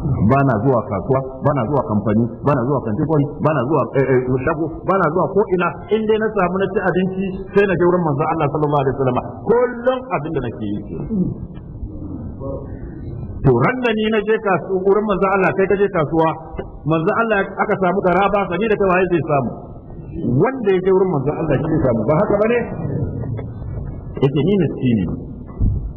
ba na zuwa kasuwa ba na zuwa kamfani ba na zuwa kantikon ba na zuwa eh, eh, shago ba na zuwa ko ina in dai na samu na ci abinci sai na je wurin manzo Allah sallallahu alaihi wasallam kullum abin da nake yi to da ni na je kasuwa wurin manzo Allah kai ka je kasuwa manzo Allah aka samu garaba sani da tawaye zai samu wanda ya je wurin manzo Allah shi samu ba haka bane yake ni ne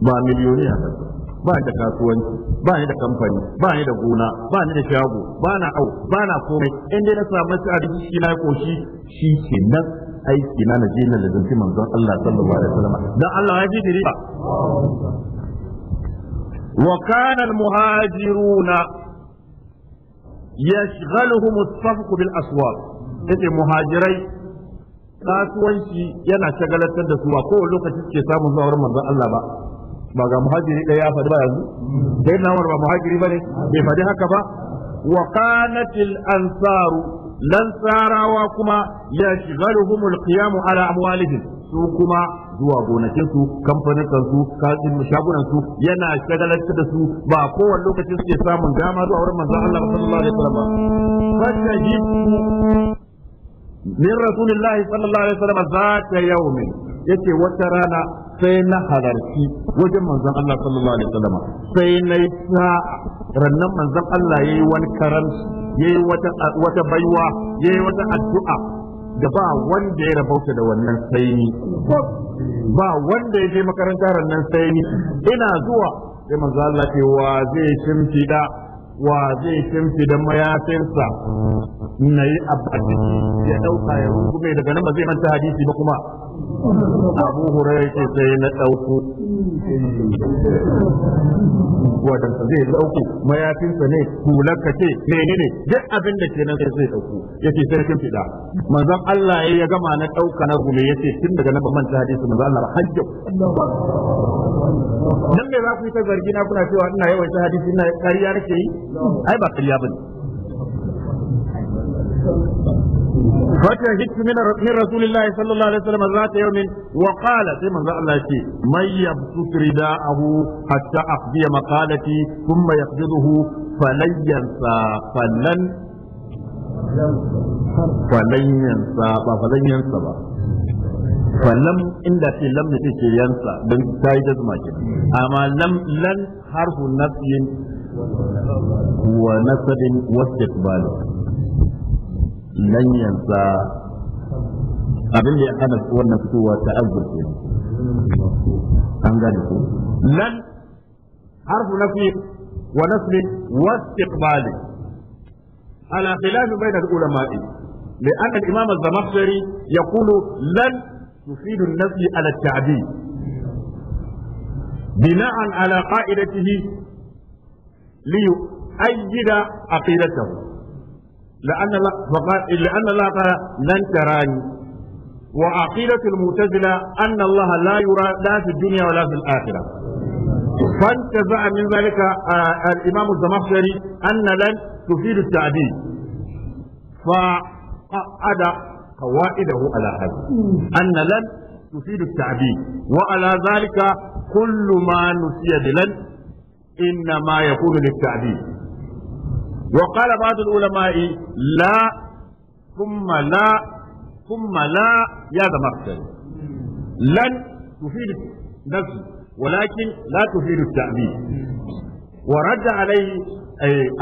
ba miliyoniya ba ba ni da kasuwanci ba ni da kamfani ba ni da gona ba ni da shago ba na au ba na komai in dai na samu abinci shi na koshi shi ke nan aiki na naje na lazanci manzon Allah sallallahu alaihi wasallam dan Allah ya ji riba wa kana al-muhajiruna yashghaluhum as-safq bil aswaq yace muhajirai kasuwanci yana shagalatar da su ba kowane lokaci suke samun zuwa manzon Allah ba ba ga muhajiri ɗaya ya faɗi ba yanzu sai na ba muhajiri ba ne bai faɗi haka ba wa qanatil ansaru lansarawa kuma ya shigaluhumul qiyamu ala amwalihim su kuma zuwa gonakin su kamfanin su kasin shagunan su yana shagalantar da su ba kowane lokacin suke samun dama zuwa wurin manzon Allah sallallahu alaihi wasallam fashahidu min rasulillahi sallallahu alaihi wasallam zata yawmin yace wata rana sai na halarci wajen manzon Allah sallallahu alaihi wasallam sai na yi rannan manzon Allah yayi wani karan, yayi wata wata baiwa yayi wata addu'a da ba wanda ya rabauta da wannan sai ni ba wanda ya je makaranta rannan sai ni ina zuwa sai manzon Allah ce wa zai da, wa zai da mayafinsa na yi abadi ya dauka ya rungume daga nan ba zai manta hadisi ba kuma abu hurairu ce sai na ɗauko wadansa zai ɗauko mayafinsa ne hularka ce ne ne duk abin da ke nan sai zai ɗauko ya ce sarkin fiɗa manzon Allah ya ya gama na ɗauka na gume ya ce tun daga na manta hadisu manzon Allah hajjo nan me za ku yi ta zargi na kuna cewa ina yawan hadisi ina ƙarya nake yi ai ba ƙarya ne فتهجت من من رسول الله صلى الله عليه وسلم ذات يوم وقال كما الله شيء من يبسط رداءه حتى أقضي مقالتي ثم يقبضه فلن ينسى فلن فلن ينسى فلن ينسى فلم إن في لم نتيجة ينسى بل تايجز ما أما لم لن حرف نفي ونسب واستقبال nan yansa abin da ya hana wannan fitowa ta azur ke an gane ko nan harfu nafi wa nasli wa istiqbali ala khilaf bayna al-ulama لأن الإمام الزمخشري يقول لن تفيد النفي على التعديل بناء على قاعدته ليؤيد عقيدته لأن فقال لأن الله لن تراني وعقيدة المعتزلة أن الله لا يرى لا في الدنيا ولا في الآخرة فانتزع من ذلك آه الإمام الزمخشري أن لن تفيد التعديل فقعد قواعده على هذا أن لن تفيد التعديل وعلى ذلك كل ما نسي بلن إنما يكون للتعديل وقال بعض العلماء لا ثم لا ثم لا يا ذا لن تفيد نفسي ولكن لا تفيد التأمين ورد عليه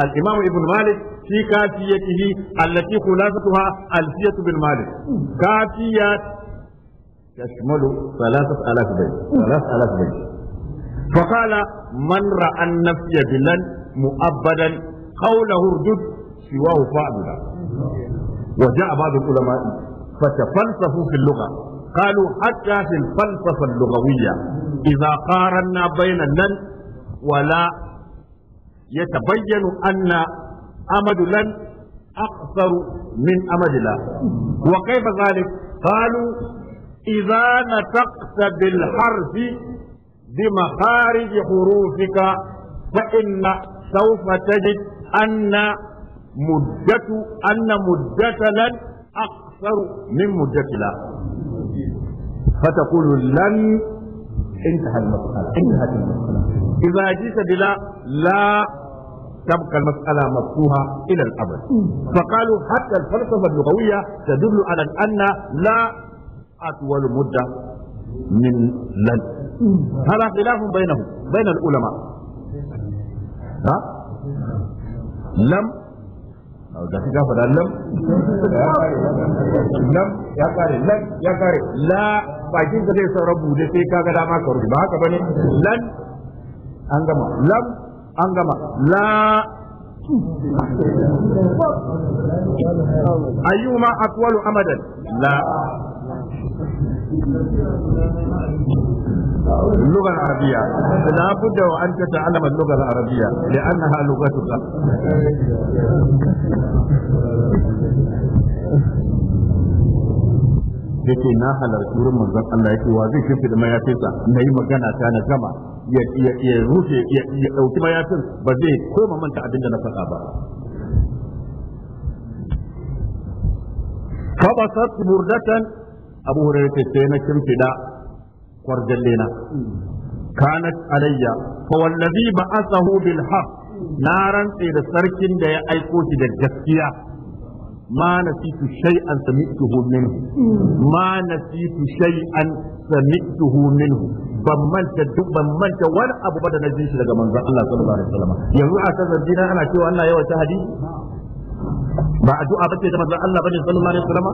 الإمام ابن مالك في كافيته التي خلافتها ألفية بن مالك كافية تشمل ثلاثة آلاف بيت ثلاثة آلاف بيت فقال من رأى النفي بلن مؤبدا قوله اردد سواه فاعبدا وجاء بعض العلماء فتفلسفوا في اللغة قالوا حتى في الفلسفة اللغوية إذا قارنا بين لن ولا يتبين أن أمد لن أقصر من أمد لا وكيف ذلك قالوا إذا نطقت بالحرف بمخارج حروفك فإن سوف تجد أن مدة أن مدة لن أقصر من مدة لا فتقول لن انتهى المسألة انتهت المسألة إذا جئت بلا لا تبقى المسألة مفتوحة إلى الأبد فقالوا حتى الفلسفة اللغوية تدل على أن لا أطول مدة من لن هذا خلاف بينهم بين العلماء ها lam ga shi ka faɗa lam lam ya kare lam ya kare la bakin ka zai sauran bude sai ka ga dama ka rufe ba haka bane lan an gama lam an gama la ayyuma aqwalu amadan la اللغة العربية لا بد وأن تتعلم اللغة العربية لأنها لغتك yake na halarci wurin manzon Allah yake wa zai shimfida mayafinsa na yi magana ta na gama ya rufe ya ɗauki mayafin ba zai koma manta abinda na faɗa ba Kaba فبسط بردة abu hurairah ce sai na kimfida kwarjalle na kanat alayya fa wallazi ba'athahu bil haqq na rantse da sarkin da ya aiko shi da gaskiya ma nasitu shay'an sami'tuhu minhu ma nasitu shay'an sami'tuhu minhu ban manta duk ban manta wani abu ba da na ji shi daga manzon Allah sallallahu alaihi wasallam yanzu a kan zargina ana cewa Allah yawa ta hadisi ba addu'a bace da manzon Allah bane sallallahu alaihi wasallam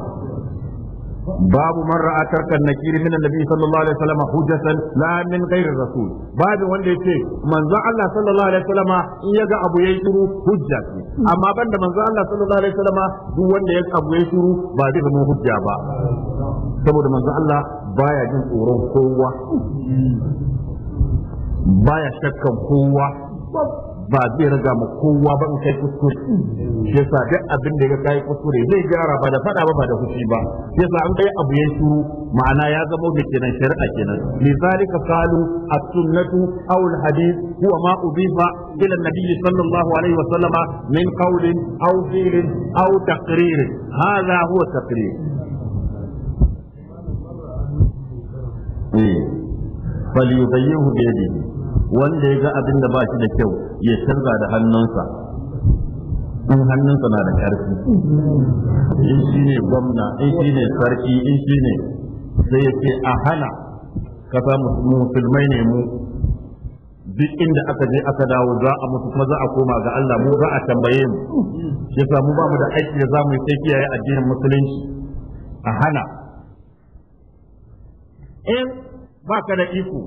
babu man ra'a tarkan nakiri min annabi sallallahu alaihi wasallam hujjatan la min ghairi rasul babu wanda yace manzo Allah sallallahu alaihi wasallam in yaga abu yayi shiru hujja ce amma banda manzo Allah sallallahu alaihi wasallam duk wanda ya abu yayi shiru ba zai zama hujja ba saboda manzo Allah baya jin tsoron kowa baya shakkan kowa ba zai raga ma kowa ba in kai kuskure Ke sa duk abin da ya kai kuskure zai gyara ba da fada ba ba da fushi ba Ke sa an kai abu ya shuru ma'ana ya zama da kenan shari'a kenan lizalika qalu as-sunnatu aw al-hadith huwa ma udifa ila an-nabiy sallallahu alaihi wa sallama min qawlin aw fi'lin aw taqririn hadha huwa taqrir فليبينه eh. بيده wanda ya ga abin da ba shi da kyau ya canza da hannunsa in hannunsa na da ƙarfi in shi ne gwamna in shi ne sarki in shi ne sai ya ce a hana kasa musulmai ne mu duk inda aka je aka dawo za a mutu kuma za a koma ga Allah mu za a tambaye mu shi yasa mu ba mu da aiki da za mu yi sai kiyaye addinin musulunci a hana in ba ka da iko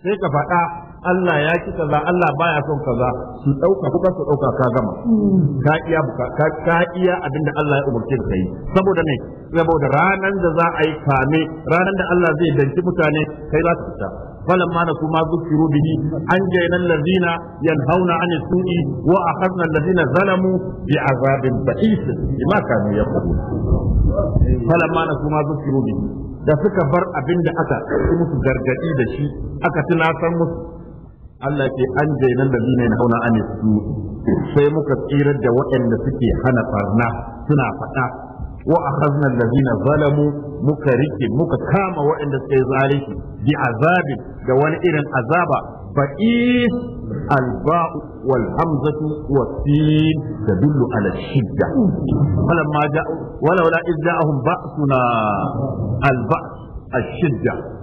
sai ka faɗa Allah ya ki kaza Allah baya son kaza su dauka kuka su dauka ka gama hmm. ka iya buka ka ka iya abinda Allah ya umarce ka yi saboda ne saboda ranan da za a yi kame ranan da Allah zai danci mutane kai za ka fita kuma an فلما نسوا ما ذكروا به أنجينا الذين ينهون عن السوء وأخذنا الذين ظلموا بعذاب بئيس بما كانوا يقولون فلما نسوا kuma ذكروا به da suka bar abin da aka musu gargadi da shi aka tunatar musu Allah ce an jainan da zina na hauna an su sai muka tsirar da waɗanda suke hana farna suna faɗa wa akhazna allazina zalamu muka rike muka kama waɗanda suke zalunci bi azabin da wani irin azaba ba'is الباء والهمزة والسين تدل على الشدة فلما جاء ولولا إذ جاءهم بأسنا البأس Shidda.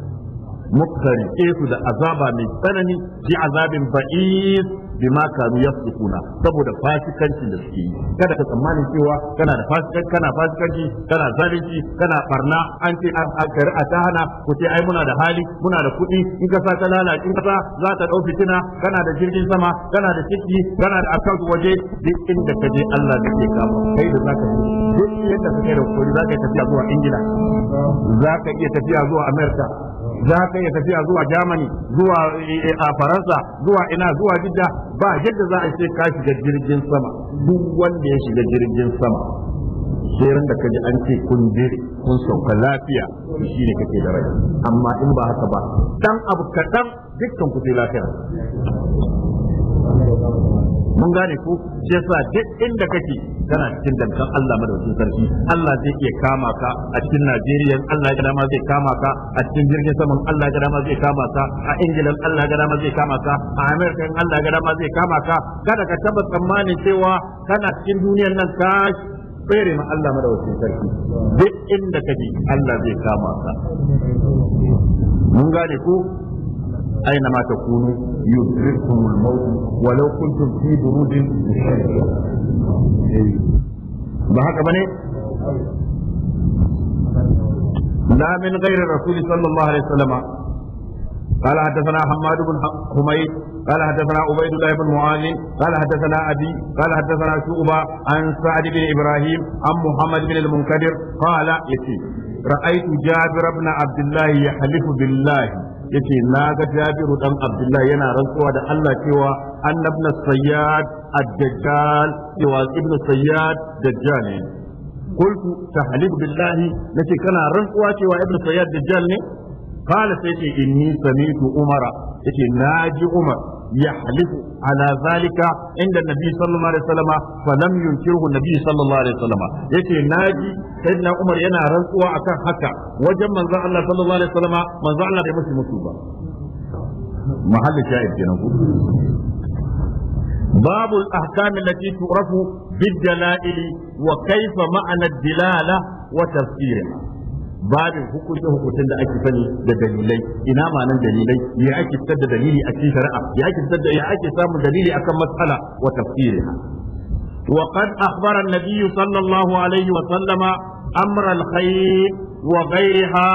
mukarike su da azaba mai tsanani bi azabin ba'is bima kanu yafsukuna saboda fasikancin da suke yi kada ka tsammanin cewa kana da fasikan kana fasikanci kana zalunci kana barna an ce an kari a tahana ku ce ai muna da hali muna da kuɗi in ka sa ta in kasa za ta ɗau fitina kana da jirgin sama kana da ciki kana da account waje duk inda ka je Allah da ke kama kai da zaka je duk yadda ka kai da kuri zaka tafiya zuwa Ingila zaka iya tafiya zuwa Amurka. za ka iya tafiya zuwa Germany zuwa eh, eh, a Faransa zuwa ina zuwa Jidda ba yadda za a ce ka shiga jirgin sama duk wanda ya shiga jirgin sama sai ran da ka ji an ce kun jere kun sauka lafiya shi ne kake da rai amma in ba haka ba dan abu kaɗan dukkan ku sai lafiya mun gane ku sai sa duk inda kake kana cikin dankan Allah madaukakin sarki Allah zai iya kama ka a cikin Najeriya Allah ya dama zai kama ka a cikin jirgin saman Allah ya dama zai kama ka a Ingila Allah ya dama zai kama ka a Amerika Allah ya dama zai kama ka kada ka taba tsammanin cewa kana cikin duniyar nan ka tsere ma Allah madaukakin sarki duk inda kaje Allah zai kama ka mun gane ku أينما تكونوا يدرككم الموت ولو كنتم في burudin مشيدة Ba haka bane ne? min gairin rasul sallallahu alaihi wa sallama. Kala haddasa na Hamadun Kulmai, kala haddasa na Ubaidulayyafu Muwami, kala haddasa na Abdi, kala an Sadi bin Ibrahim, an Muhammad bin Almun Qadir, fa la. Ya ce ra'aiku jafe rabna Billahi. Ya na ga dabiru dan Abdullahi yana rantsuwa da Allah cewa an nafna sayayya. الدجال يواز ابن سياد دجالي قلت تحليف بالله نتي كان رنقواتي وابن سياد دجالي قال سيتي إني سميت أمر سيتي ناجي أمر يحلف على ذلك عند النبي صلى الله عليه وسلم فلم ينكره النبي صلى الله عليه وسلم يتي ناجي سيدنا عمر ينا رنقوا أكا حكا وجم من الله صلى الله عليه وسلم من الله بمسي مصوبة محل شائد جنبه باب الأحكام التي تعرف بالدلائل وكيف معنى الدلالة وتفسيرها babin hukunce da ake sani da dalilai ina manan dalilai ya ake fitar da dalili a cikin shari'a ya ake fitar da samun dalili akan matsala wa tafsiriha وقد أخبر النبي صلى الله عليه وسلم أمر الخير وغيرها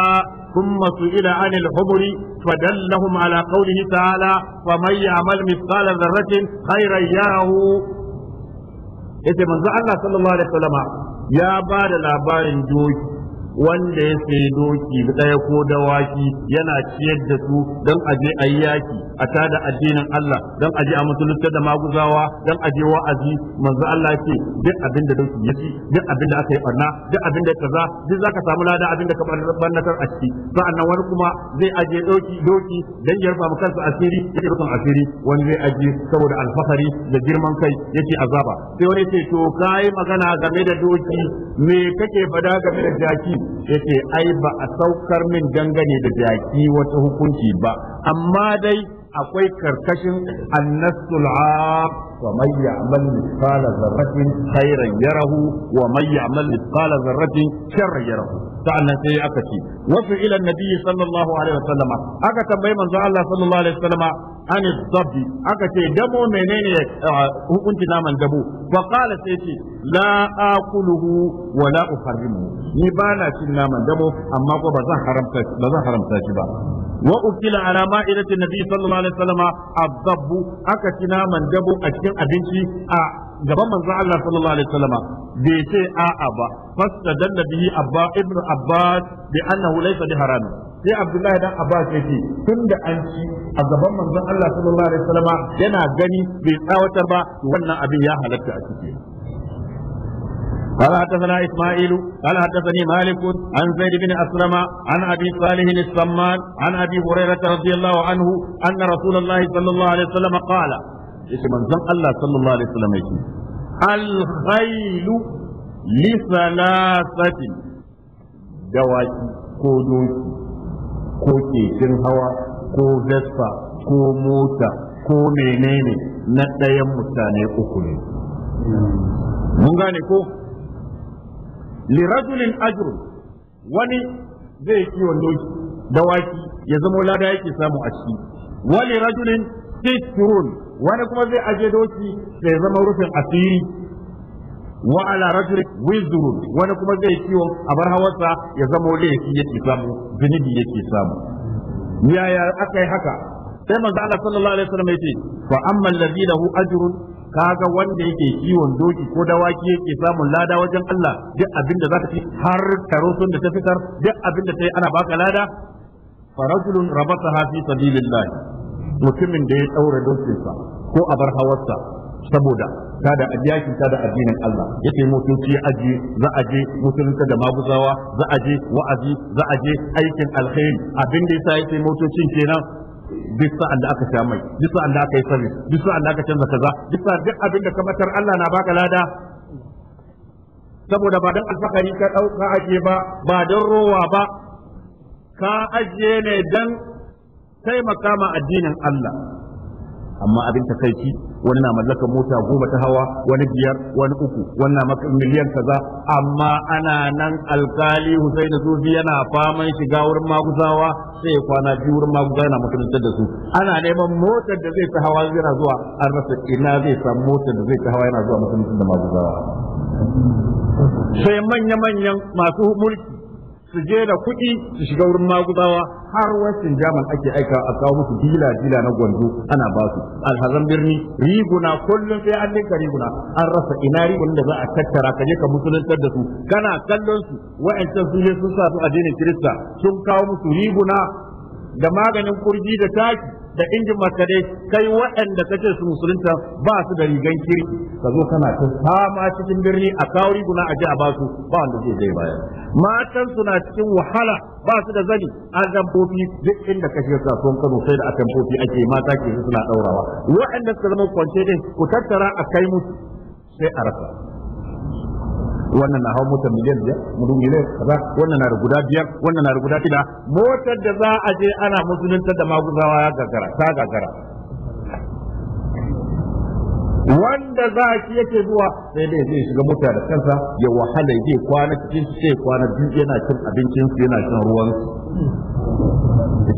ثم سئل عن الحمر فدلهم على قوله تعالى ومن يعمل مثقال ذرة خيرا يره yace manzo Allah sallallahu alaihi wasallama ya ba da labarin doki wanda ya sayi doki da ɗaya ko dawaki yana ciyar da su don aje a yaki a tada addinin Allah don aje a musulunta da maguzawa don aje wa'azi manzo Allah ce duk abin da doki yake, duk abin da aka yi barna duk abin da kaza duk zaka samu lada abin da ka barnatar a ciki sa'annan wani kuma zai aje doki doki dan ya rufa kansa asiri ya rufa asiri wani zai aje saboda alfahari da girman kai yake azaba sai wani ce to kai magana game da doki me kake fada game da jaki yace ai ba a saukar min dangane da jaki wata hukunci ba amma dai akwai karkashin annasul ومن يعمل مثقال ذرة خيرا يره ومن يعمل مثقال ذرة شرا يره sa'annan sai aka ce wasu ila nabi sallallahu alaihi wasallam aka tambayi manzo Allah sallallahu alaihi wasallam an dabbi aka ce damo menene hukunci naman dabo fa qala sai ce la akuluhu wa la uharrimu ni ba na cin naman dabo amma ba zan haramta ba zan haramta shi ba wa ukila nabi sallallahu alaihi aka ci naman dabo a cikin cin abinci a gaban manzon Allah sallallahu alaihi wasallam bai ce a'a ba fastadalla bihi abba ibnu abbas bi annahu laysa bi haram sai abdullahi dan abbas ce tunda an ci a gaban manzon Allah sallallahu alaihi wasallam yana gani bai tsawatar ba wannan abin ya halatta a ciki قال حدثنا اسماعيل قال حدثني مالك عن زيد بن اسلم عن ابي صالح السمان عن ابي هريره رضي الله عنه ان رسول الله صلى الله عليه وسلم قال yace manzon Allah sallallahu alaihi wasallam yake al khailu li salasati dawaki ko doki ko keken hawa ko vespa ko mota ko menene na ɗayan mutane uku ne mun gane ko rajulin ajru wani zai kiwon doki dawaki ya zama lada yake samu a ciki wali rajulin titrun wani kuma zai aje doki sai zama rufin asiri wa ala rajul wizru wani kuma zai ciwo a bar hawarsa ya zama laifi yake samu ya yake samu yaya aka yi haka sai manzo Allah sallallahu alaihi wasallam yace fa amma alladhi lahu ajrun kaga wanda yake kiwon doki ko dawaki yake samun lada wajen Allah duk abin da zaka ci har karo sun da ta fitar duk abinda da ta ana baka lada rajulun rabata fi sabilillah mutumin da ya daura dokinsa ko a bar hawarsa saboda ta da yaki ta da addinin Allah yace motoci ya aje za a je mutunta da maguzawa za a je wa'azi za a je aikin alkhairi abin da yasa yace motocin kenan duk sa'an da aka sha mai duk sa'an da aka yi sani duk sa'an da aka canza kaza duk sa'an duk abin da kamatar Allah na baka lada saboda ba dan alfakari ka dauka aje ba ba dan rowa ba ka aje ne dan sai ma addinin Allah amma abin ta takaici wani na mallakar mota goma ta hawa wani biyar wani uku wani na miliyan kaza amma ana nan alkali Husaini Sufi yana faman shiga wurin maguzawa sai kwana biyu wurin maguza yana makarantar da su ana neman motar da zai ta hawa yana zuwa an rasa ina zai samu motar da zai ta hawa yana zuwa makarantar da maguzawa sai manya-manyan masu mulki su je da kuɗi su shiga wurin maguzawa har wancan jaman ake aika a kawo musu dila dila na gwandu ana ba su alhazan birni riguna kullum sai an ninka riguna an rasa ina rigun da za a tattara ka je ka musuluntar da su kana kallon su wa'ancan su je sun sa su addinin kirista sun kawo musu riguna da maganin kurji da taki da injin kai waɗanda kace su musulunta ba su da rigan kirki ka zo kana ta fama cikin birni a kawo riguna a ji a basu ba wanda zai zai baya matan suna cikin wahala ba su da zani a zamfofi duk inda ka shiga son Kano sai da akan fofi ake mata ke suna ɗaurawa. waɗanda suka zama kwance din ku tattara a kai musu sai a rasa wannan na hau motar miliyan biyar mutum miliyan kaza wannan na da guda biyar wannan na da guda shida motar da za a je ana musuluntar da maguzawa ya gagara ta gagara wanda za a ci yake zuwa sai dai zai shiga mota da kansa ya wahala zai kwana cikin su sai kwana biyu yana cin su yana ruwan su.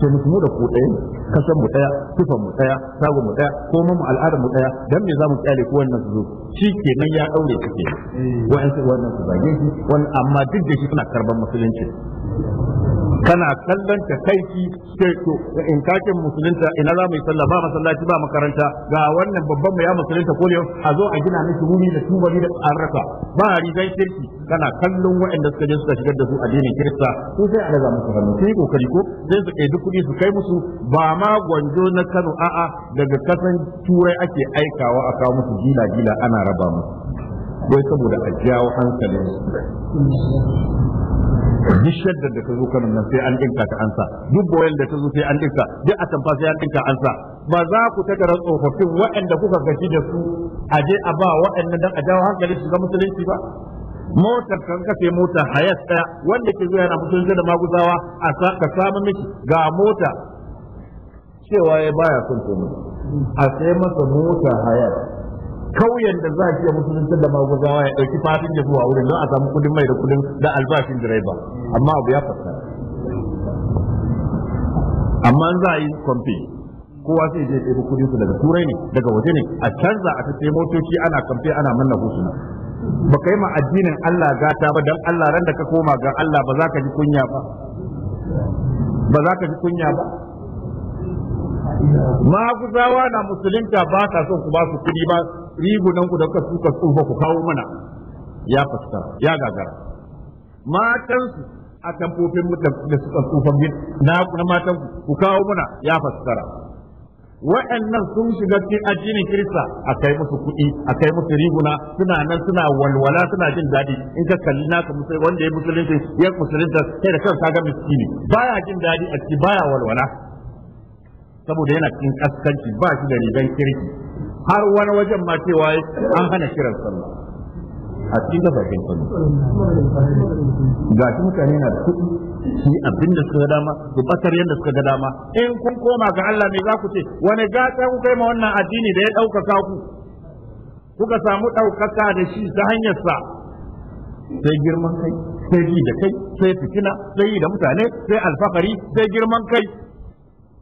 ce musu mu da ku ɗaya kasan mu ɗaya tufan mu ɗaya sago mu ɗaya ko mu al'adar mu ɗaya dan me zamu kyale ko wannan su zo shi ke nan ya daure kake eh. wa'ansu wannan su zage shi amma duk da shi suna karban musulunci kana kallon ta kai sai to in kake musulunta ina za mu yi sallah ba masallaci ba makaranta ga wannan babban mai ya musulunta ko ne a zo a gina miki wuri da tubali da arraka ba rigan kirki kana kallon waɗanda suka je suka shigar da su addinin kirista ko sai a daga musu hannu sai kokari ko sai su kai kuɗi su kai musu ba ma gwanjo na Kano a'a daga kasan turai ake aikawa a kawo musu gila-gila ana raba musu dai saboda a jawo hankalin duk da ta zo kanan nan sai an dinka ta ansa duk boyen da ta zo sai an dinka duk atamfa sai an dinka ansa ba za ku ta garan tsofaffin waɗanda kuka gaji da su a je a ba waɗannan dan a jawo hankali su ga musulunci ba motar kan kafe mota hayas ɗaya wanda ke zuwa yana mutunci da maguzawa a ka samu miki ga mota cewa ya baya son komai a sai masa mota hayas kauyen da za a iya musulunci da maguzawa ya ɗauki fatin da zuwa wurin don a samu kudin mai da kudin da albashin direba amma abu ya fata amma an za a yi kwamfi kowa sai je ɗaya kudin su daga turai ne daga waje ne a canza a tafiye motoci ana kamfe ana manna husuna ba ka yi ma addinin Allah gata ba don Allah ran da ka koma ga Allah ba za ka ji kunya ba ba za ka ji kunya ba maguzawa na musulunta ba ta son ku ba su kuɗi ba nan ku da kuka suka tsufa ku kawo mana ya fuskar ya gagara matansu a tamfofin mutum da suka tsufa na na matan ku kawo mana ya fuskara wa'annan sun shiga cikin addinin Kirista a kai musu kuɗi a kai musu riguna suna nan suna walwala suna jin daɗi in ka kalli naka musulmi wanda ya musulunci ya musulunta sai da kansa ga miskini baya jin daɗi a ciki baya walwala saboda yana cikin kaskanci ba shi da rigan kirki har wani wajen ma cewa an hana kiran sallah a cikin kasashen kudu ga shi mutane na da kuɗi shi abin da suka dama da basar yadda suka ga dama in kun koma ga Allah ne za ku ce wani gata ku kai ma wannan addini da ya ɗaukaka ku kuka samu ɗaukaka da shi ta hanyar sa sai girman kai sai ji da kai sai fitina sai yi da mutane sai alfahari sai girman kai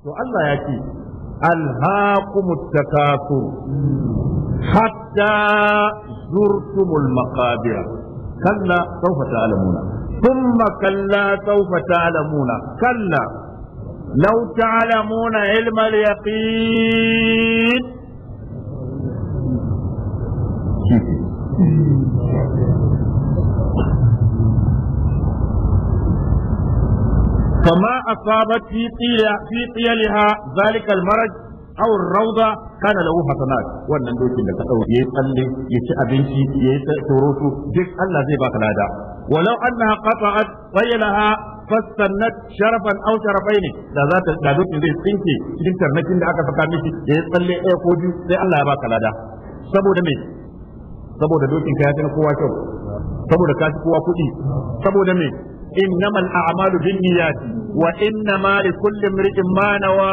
to Allah ya ce alhaqumut takasur hatta zurtumul maqabir kalla sawfa ta'lamuna thumma kalla sawfa ta'lamuna kalla law ta'lamuna ilma al-yaqin فما أصابت في في طيلها ذلك المرض أو الروضة كان له حسنات wannan dokin da ka dauke yayi tsalle ya ci abinci yayi surutu duk Allah zai baka wala walau annaha qata'at qaylaha fastannat sharafan aw sharafaini da za ta da dokin zai tsinke cikin tarnakin da aka saka miki yayi tsalle ɗaya ko biyu sai Allah ya baka lada saboda saboda dokin ka tana kowa kyau saboda kowa kuɗi saboda innamal a'malu binniyati wa innama likulli imrin ma nawa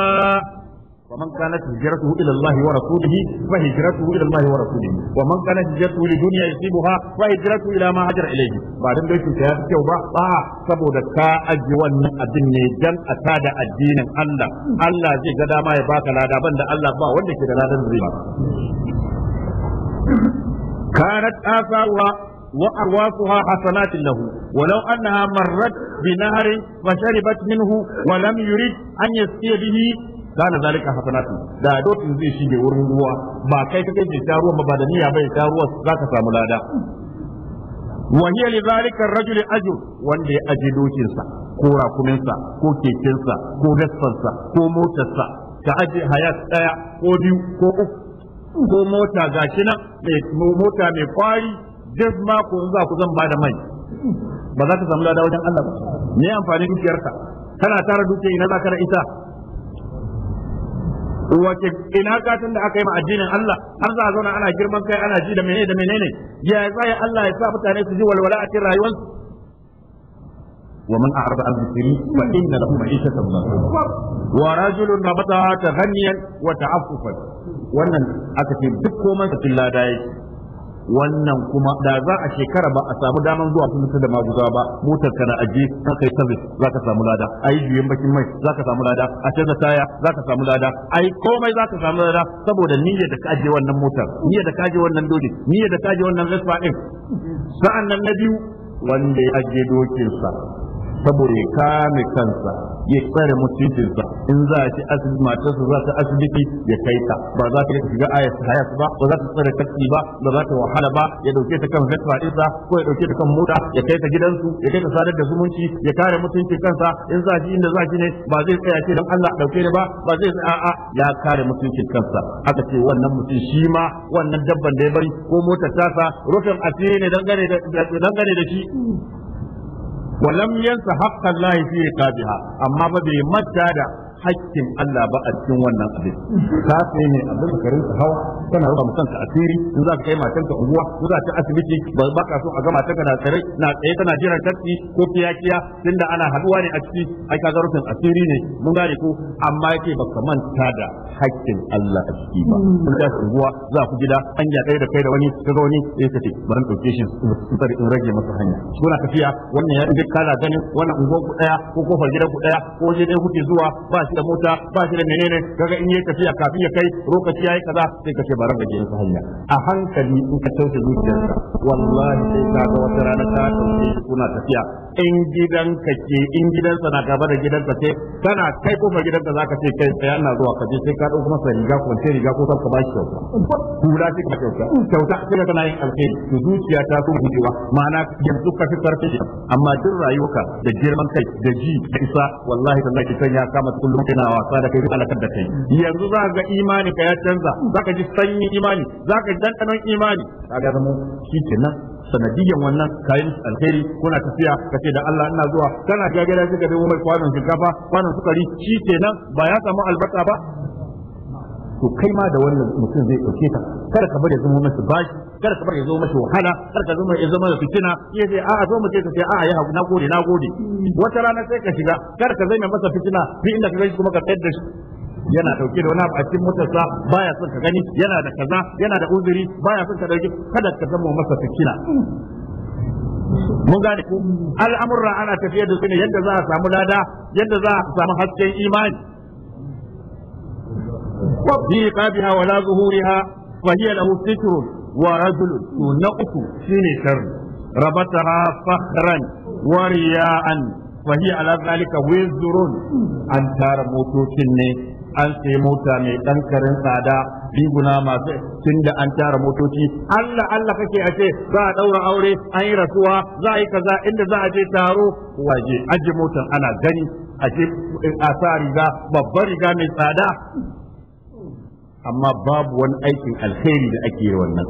ومن كانت هجرته الى الله ورسوله فهجرته الى الله ورسوله ومن كانت هجرته لدنيا يصيبها فهجرته الى ما هجر اليه بعدين da yake ya fi ba ba saboda ta aji wannan abin ne dan a tada addinin Allah Allah zai ga dama ya baka lada banda Allah ba wanda ke da ladan zai ba kanat asa wa وأرواحها حسنات له ولو أنها مرت بنهر فشربت منه ولم يرد أن يسقي به kana zalika hasanatu da dokin zai shige wurin ruwa ba kai kake ke ta ruwa ba da niyya bai ta ruwa ka samu lada wa hiya li zalika ar-rajul ajr wanda ya aje dokin sa ko rakumin sa ko keken sa ko gassan sa ko motar sa ka aje hayat daya ko biyu ko uku ko mota gashi nan mai mota mai kwari duk mako in ku zan ba da mai ba za ka samu lada wajen Allah ba me amfani dukiyarka kana tara dukiyar ina za ka ita wace ina katin da aka yi ma addinin Allah har za a zauna ana girman kai ana ji da menene da menene ya tsaya Allah ya sa mutane su ji walwala a cikin rayuwarsu ومن أعرض عن ذكري فإن له معيشة ضنكا ورجل ربطها تغنيا وتعففا وأن أكثر komai في الله دايش wannan kuma da za a shekara ba a samu daman zuwa sun da maguza ba motar ka na aje ka kai service za ka samu lada A yi juyen bakin mai za ka samu lada a canza taya za ka samu lada A yi komai za ka samu lada saboda niyyar da ka aje wannan motar niyyar da ka aje wannan dole niyyar da ka aje wannan rasfa din sa'an nan na biyu wanda ya aje dokinsa saboda ya kame kansa ya tsare mutuncinsa in za a ci asibiti matarsa za ta asibiti ya kai ta ba za ta shiga ayat hayat ba ba za ta tsare taksi ba ba za ta wahala ba ya dauke ta kan fetwa ɗinsa ko ya dauke ta kan mota ya kai ta gidansu ya kai ta sadar da zumunci ya kare mutuncin kansa in za ji inda za ji ne ba zai tsaya ce dan Allah dauke ne ba ba zai tsaya a'a, ya kare mutuncin kansa aka ce wannan mutum shi ma wannan dabban da ya bari ko motar tasa rufin asiri ne dangane da dangane da shi wa lam yansa haqqan lahi fi qabiha amma ba bai manta da hakkin Allah ba a cikin wannan abin ka sai ne abin ka hawa kana ruba musan ka asiri in za ka kai matan ka unguwa ko za ta asibiti ba ba ka so a ga matan ka na tsare na tsaye tana jiran taksi ko kiyakiya tunda ana haduwa ne a ciki ai ka rufin asiri ne mun gane ko amma yake ka manta da hakkin Allah a ciki ba mm. Kun ka unguwa za ku gida an ya kai da kai da wani kaga wani sai ka ce bari dauke shi in rage masa hanya kuna tafiya wannan ya duk kana ganin wannan unguwa ku daya ko kofar gidan ku daya ko je dai kuke zuwa ba shi da mota ba shi da menene kaga in yayi tafiya kafin ya kai lokaci yayi kaza sai ka ce ba ranga gidan a hankali in ka tauce zuciyarka wallahi sai ka ga wata rana ta tauce kuna tafiya in gidanka ke in gidansa na gaba da ka sai kana kai kofar gidanka zaka ce kai tsaya na zuwa je sai ka dauko masa riga ko sai riga ko ka ba shi kyauta kula shi ka kyauta in kyauta sai kana yin alheri to zuciya ta kun gudewa ma'ana yanzu ka fi karfi amma duk rayuwarka da girman kai da ji da isa wallahi tallahi kan ya kama kullum tana wasa da kai alakar da kai yanzu za ga imani ka ya canza za ka ji sanyin imani za ka ji dandanon imani kaga zama shi kenan sanadiyyan wannan kayan alheri kuna tafiya kace da Allah ina zuwa kana ga gida kika da mai kwanon shinkafa kwanon sukari shi kenan ba ya samu albasa ba to kai ma da wannan mutum zai dauke ka kada ka bari ya zama masa bashi kada ka bari ya zama masa wahala kada ka zama ya zama da fitina ya ce a'a zo mu ce ka ce a'a ya na gode na gode wata rana sai ka shiga kada ka zama masa fitina bi inda ka gaji kuma ka tsayar da shi yana dauke da wani abu a cikin motarsa baya son ka gani yana da kaza yana da uzuri baya son ka dauke kada ka zama masa fitina mun gane ku al'amurra ana tafiyar da su ne yadda za a samu lada yadda za a samu hasken imani في رقابها ولا ظهورها فهي له ستر ورجل نقص شين شر ربطها فخرا ورياء فهي على ذلك وزر أن تار an sai mota mai ɗan karin tsada riguna masu tun da an tara motoci Allah Allah kake a ce za a ɗaura aure an yi rasuwa za a yi kaza inda za a je taro waje aje motar ana gani a sa riga babbar riga mai tsada amma babu wani aikin alheri da ake yi wannan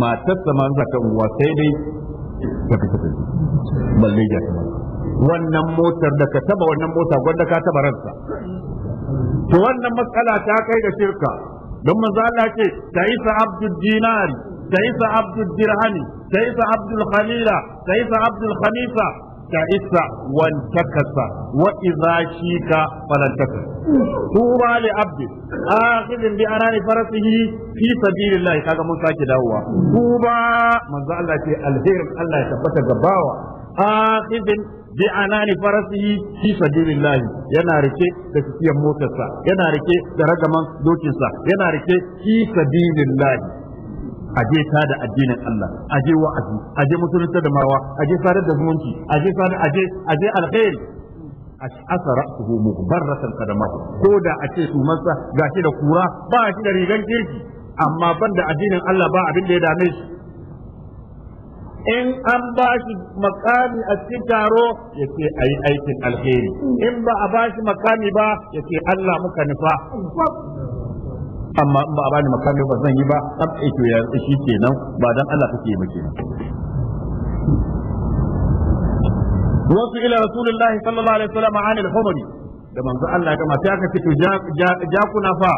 matarsa ma zaka uwa sai dai ta fita balle ya wannan motar da ka taba wannan mota gwanda ka taba ransa to wannan matsala ta kai da shirka don manzo Allah ce ta isa abdul dinari ta isa abdul dirhami ta isa abdul khalila ta isa abdul khamisa ta'issa wan takasa wa idza shika falan takas tuba li abdi akhidin bi anani farasihi fi sabilillah kaga mun sake dawowa tuba manzo Allah ce alherin Allah ya tabbata gabawa akhidin bi anani farasihi fi sabilillah yana rike da cikin motarsa yana rike da ragaman dokinsa yana rike fi sabilillah aje ta da addinin Allah aje wa'azi aje musulunta da mawa aje sadar da zumunci aje sadar aje aje alkhairi asa ra'suhu mughbarratan qadamahu ko da a ce su masa gashi da kura ba shi da rigan kirki amma da addinin Allah ba abin da ya dame shi in an ba shi makami a cikin taro ya ce a yi aikin alheri in ba a ba shi makami ba ya ce Allah muka nufa amma in ba a bani makami ba zan yi ba ab eh, to ya eh, shi kenan ba dan Allah kake yi ba kenan wasu ila rasulullahi sallallahu alaihi wasallam an al-humri da manzo Allah kama sai aka fito ja kuna fa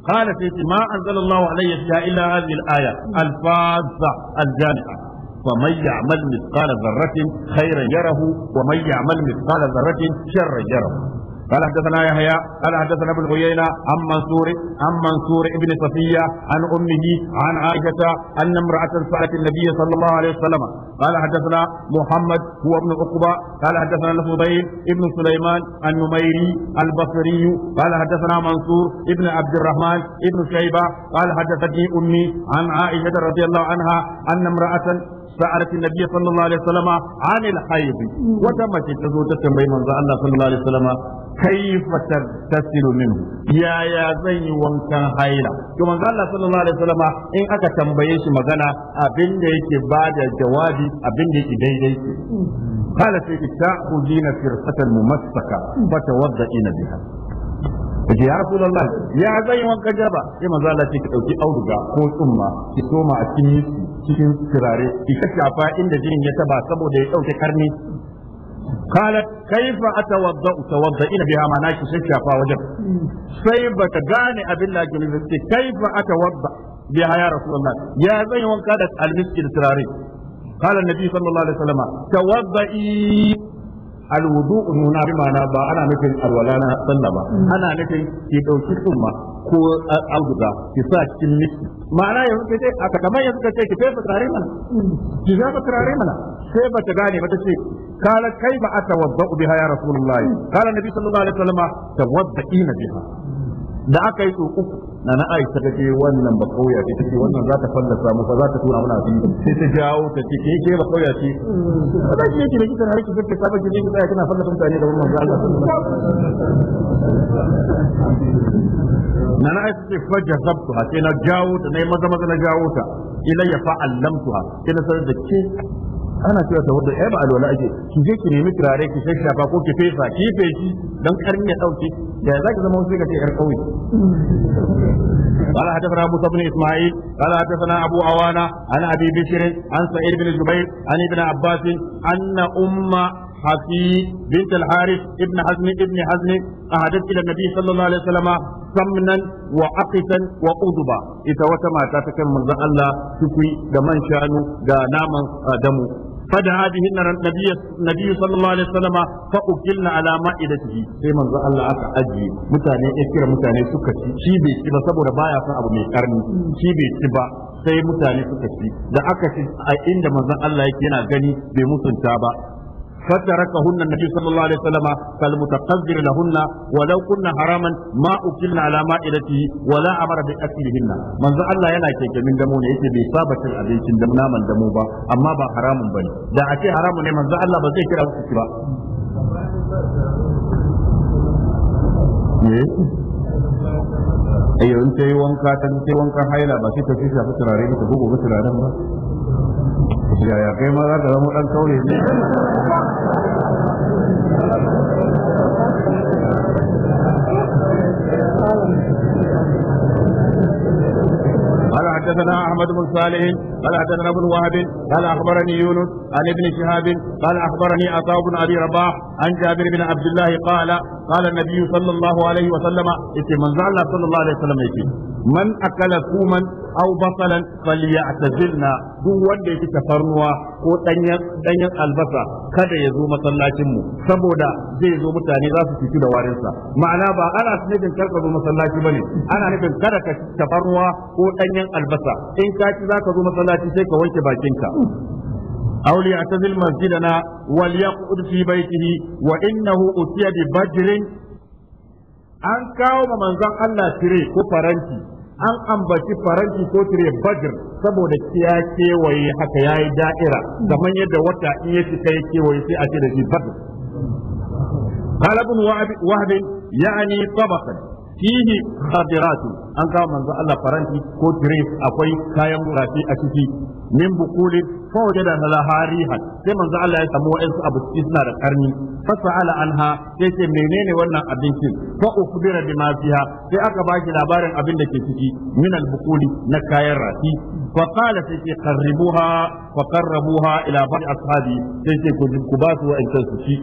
قال سيدي ما أنزل الله علي إلا هذه الآية الفاظة الجامعة فمن يعمل مثقال ذرة خيرا يره ومن يعمل مثقال ذرة شرا يره قال حدثنا يحيى قال حدثنا ابن عيينة عن منصور عن منصور ابن صفية عن أمه عن عائشة أن امرأة سألت النبي صلى الله عليه وسلم قال حدثنا محمد هو ابن عقبة قال حدثنا الفضيل ابن سليمان النميري البصري قال حدثنا منصور ابن عبد الرحمن ابن شيبة قال حدثتني أمي عن عائشة رضي الله عنها أن امرأة sa'arat annabi sallallahu alaihi wasallam an al-hayd wata mace ta zo ta tambayi manzo Allah sallallahu alaihi wasallam kaifa tasilu minhu yaya zai yi wankan haila to manzo Allah sallallahu alaihi wasallam in aka tambaye shi magana abinda da yake bada jawabi abinda da yake daidai قالت تأخذين فرقة ممسكة فتوضئين بها yace ya rasulullah ya zai wanka jaba sai manzo Allah ka ki dauki auduga ko tsumma ki soma a cikin yisti cikin turare ki shafa inda jinin ya taba saboda ya dauke karni قالت كيف اتوضا توضئين بها معناها شفا وجب سيب تغاني ابن لكن كيف اتوضا بها يا رسول الله يا زي وان كانت المسك التراري قال النبي صلى الله عليه وسلم توضئي alwudu nuna bi ma'ana ba ana nufin alwala na sallah ba mm. ana nufin ki dauki tsumma ko alguza ki sa cikin miki ma'ana yanzu kace aka kamar yanzu ce ki fesa turare mana mm. ki za ka turare mana sai ba ta gane ba ta ce kala kai ba ata wadda biha ya rasulullahi mm. kala nabi sallallahu alaihi wasallam tawadda ina biha da aka yi uku na na aisha ta ce wannan ba kauya ce take wannan za ta fallasa mu ba za ta tura mana abin sai ta jawo ta ce ke eh, ke ba kauya ce ba za ki yake da kitan harki kake saba ki ne tsaya kina fallasa mutane da wannan Allah na na aisha ce fa jazabtu ha sai na jawo ta nayi maza maza na jawo ta ilayya fa allamtuha kina sanar da ke ana cewa tawaddu ai ba alwala ake ki je ki nemi turare ki shashafa ko ki fesa ki feshi dan karin ya dauke da za ki zama wasu ka ce yar kauye قال حدثنا موسى بن اسماعيل قال حدثنا ابو عوانه عن ابي بشر عن سعيد بن جبير عن ابن عباس ان ام حفي بنت الحارث ابن حزم ابن حزم أهدت إلى النبي صلى الله عليه وسلم سمنا وعقسا وقضبا إذا وتما تاتك من الله تكوي دمان شانو دا ناما دمو فدعا بهن النبي النبي صلى الله عليه وسلم فأكلنا على مائدته sai manzo Allah aka ajiye mutane ya kira mutane suka ci shi bai ci ba saboda baya son abu mai karni shi bai ci ba sai mutane suka ci da aka ci a inda manzon Allah yana gani bai musunta ba فتركهن النبي صلى الله عليه وسلم كالمتقذر لهن ولو كن حراما ما أكلن على مائدته ولا أمر بأكلهن من ذا الله يلا كيك من دمون يتي بإصابة الأبيت دمنا من دموبا أما با حرام بني دا أتي حرام من ذا الله بزي كرا وكتبا Ayo in ta yi wanka ta yi wankan haila ba sai ta fi shafi turare ba ta bugu ba turaren ba. yaya kai ma za ka zama ɗan kaure ne قال حدثنا احمد بن صالح قال حدثنا ابن وهب قال اخبرني يونس عن ابن شهاب قال اخبرني عطاء بن ابي رباح عن جابر بن عبد الله قال قال النبي صلى الله عليه وسلم اتي من زعل صلى الله عليه وسلم يتي من اكل كوما او بصلا فليعتزلنا duk wanda ci tafarnuwa ko danyen albasa kada ya zo masallacinmu mu saboda zai zo mutane za su fito da warinsa ma'ana ba ana nufin karka zo masallaci bane ana nufin kada ka tafarnuwa ko danyen albasa in ka ci za ka zo masallaci masallaci sai ka wanke bakinka wal yaqud fi baytihi wa innahu utiya bi bajrin an kawo ma manzon Allah tire ko faranti an ambaci faranti ko tire bajr saboda ya kewaye haka yayi da'ira kamar yadda wata in ya cika ya kewaye sai a ce da shi bajr قال ابن وهب yani tabaqan fihi khadiratu an kawo manzo Allah faranti ko tire akwai kayan gurafi a ciki min bukulin fa da laha rihan sai manzo Allah ya samu wa'ansu abu suna da karni fa sa'ala sai yace menene wannan abincin fa ukhbira bima fiha sai aka baki labarin abin da ke ciki min al-buquli na kayan rafi fa qala sai ce qarribuha fa qarrabuha ila ba'd ashabi sai ce ku ba su wa'ansu su ci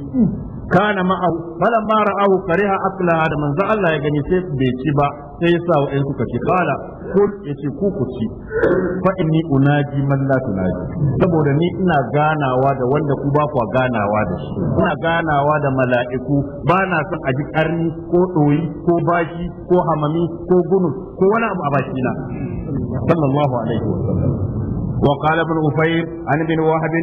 kana ma'ahu falamma ra'ahu kariha akla da manzo Allah ya gani sai bai ci ba sai ya sa wa ɗan suka ce kala ko ya ce ku ku ci fa inni unaji man la tunaji saboda ni ina ganawa da wanda ku ba ku ganawa da shi ina ganawa da mala'iku ba na son a ji ƙarni ko ɗoyi ko bashi ko hamami ko gunu ko wani abu a bakina sallallahu alaihi وقال ابن أفير عن ابن وهب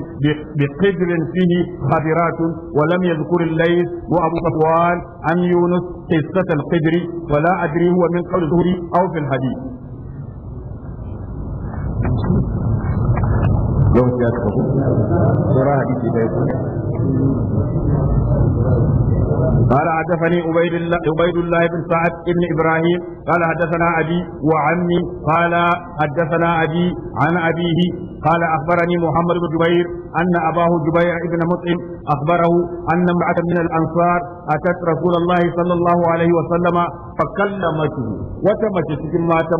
بقدر فيه خبرات ولم يذكر الليل وأبو صفوان عن يونس قصة القدر ولا أدري هو من قول الزهري أو في الحديث لو جاءت قال حدثني عبيد الله عبيد الله بن سعد بن ابراهيم قال حدثنا ابي وعمي قال حدثنا ابي عن ابيه قال اخبرني محمد بن جبير ان اباه جبير بن مطعم اخبره ان امراه من الانصار اتت رسول الله صلى الله عليه وسلم فكلمته وتمت في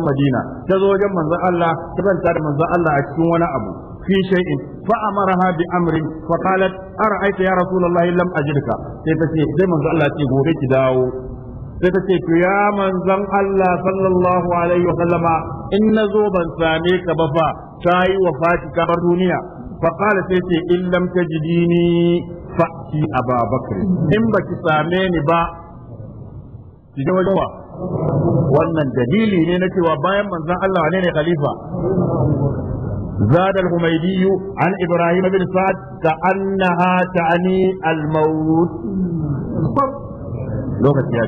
مدينه تزوج من الله تبنت من الله اشكون ابو في شيء فأمرها بأمر فقالت أرأيت يا رسول الله لم أجدك سيتسي زي من الله تقول داو سيتسي يا من زن الله صلى الله عليه وسلم إن زوبا ساميك بفا تاي وفاتك الدنيا فقال سيتي إن لم تجديني فأتي أبا بكر إن بك ساميني با تجوى جوى wannan dalili ne na cewa bayan manzon Allah ne ne khalifa زاد الحميدي عن إبراهيم بن سعد كأنها تعني الموت لغة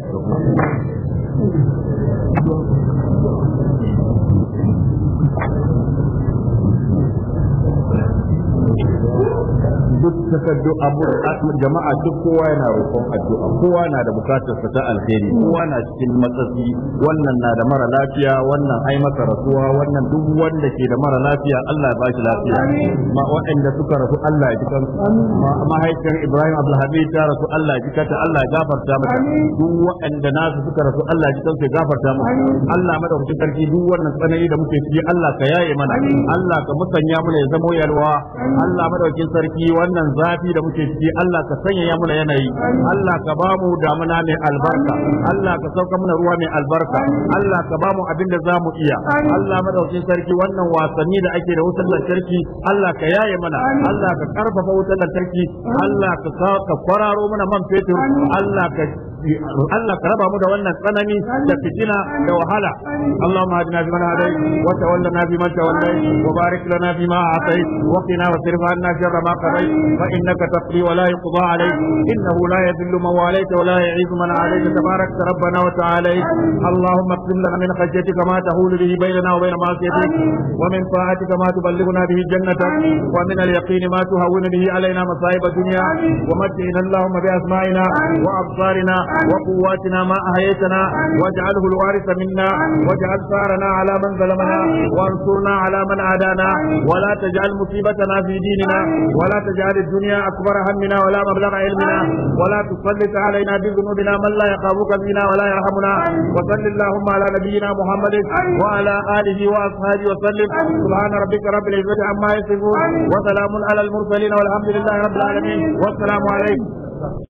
duk tasaddu abu jama'a duk kowa yana roƙon addu'a kowa na da bukatar ta alheri kowa na cikin matsatsi wannan na da mara lafiya wannan ai masa rasuwa wannan duk wanda ke da mara lafiya Allah ya bashi lafiya ma waɗanda suka rasu Allah ya ji kansu mahaifiyar Ibrahim Abdulhabib ta rasu Allah ya ji kanta Allah ya gafarta mata duk waɗanda nasu suka rasu Allah ya ji kansu ya gafarta mata Allah madaukakin sarki duk wannan tsanani da muke ciki Allah ka yaye mana Allah ka musanya mana ya zama yalwa Allah madaukakin sarki wannan zafi da muke ciki Allah ka sanyaya mana yanayi Allah ka ba mu damuna mai albarka Allah ka sauka mana ruwa mai albarka Allah ka ba mu abin da zamu iya Allah madaukakin sarki wannan wasanni da ake da wutar lantarki Allah ka yaye mana Allah ka karfafa wutar lantarki Allah ka ka kwararo mana man fetur Allah ka Allah ka raba mu da wannan tsanani da fitina da wahala اللهم اهدنا فيمن هديت وتولنا فيمن توليت وبارك لنا فيما اعطيت وقنا واصرف عنا شر ما قضيت فإنك تقضي ولا يقضى عليك إنه لا يذل من واليت ولا يعز من عليك تبارك ربنا وتعالى اللهم اقسم لنا من خشيتك ما تهول به بيننا وبين معصيتك ومن طاعتك ما تبلغنا به جنتك ومن اليقين ما تهون به علينا مصائب الدنيا ومتعنا اللهم بأسمائنا وأبصارنا وقواتنا ما أحييتنا واجعله الوارث منا واجعل ثارنا على من ظلمنا وانصرنا على من عادانا ولا تجعل مصيبتنا في ديننا ولا تجعل هذه الدنيا أكبر همنا ولا مبلغ علمنا ولا تسلط علينا بذنوبنا من لا يخافك فينا ولا يرحمنا وصل اللهم على نبينا محمد وعلى آله وأصحابه وسلم سبحان ربك رب العزة عما يصفون وسلام على المرسلين والحمد لله رب العالمين والسلام عليكم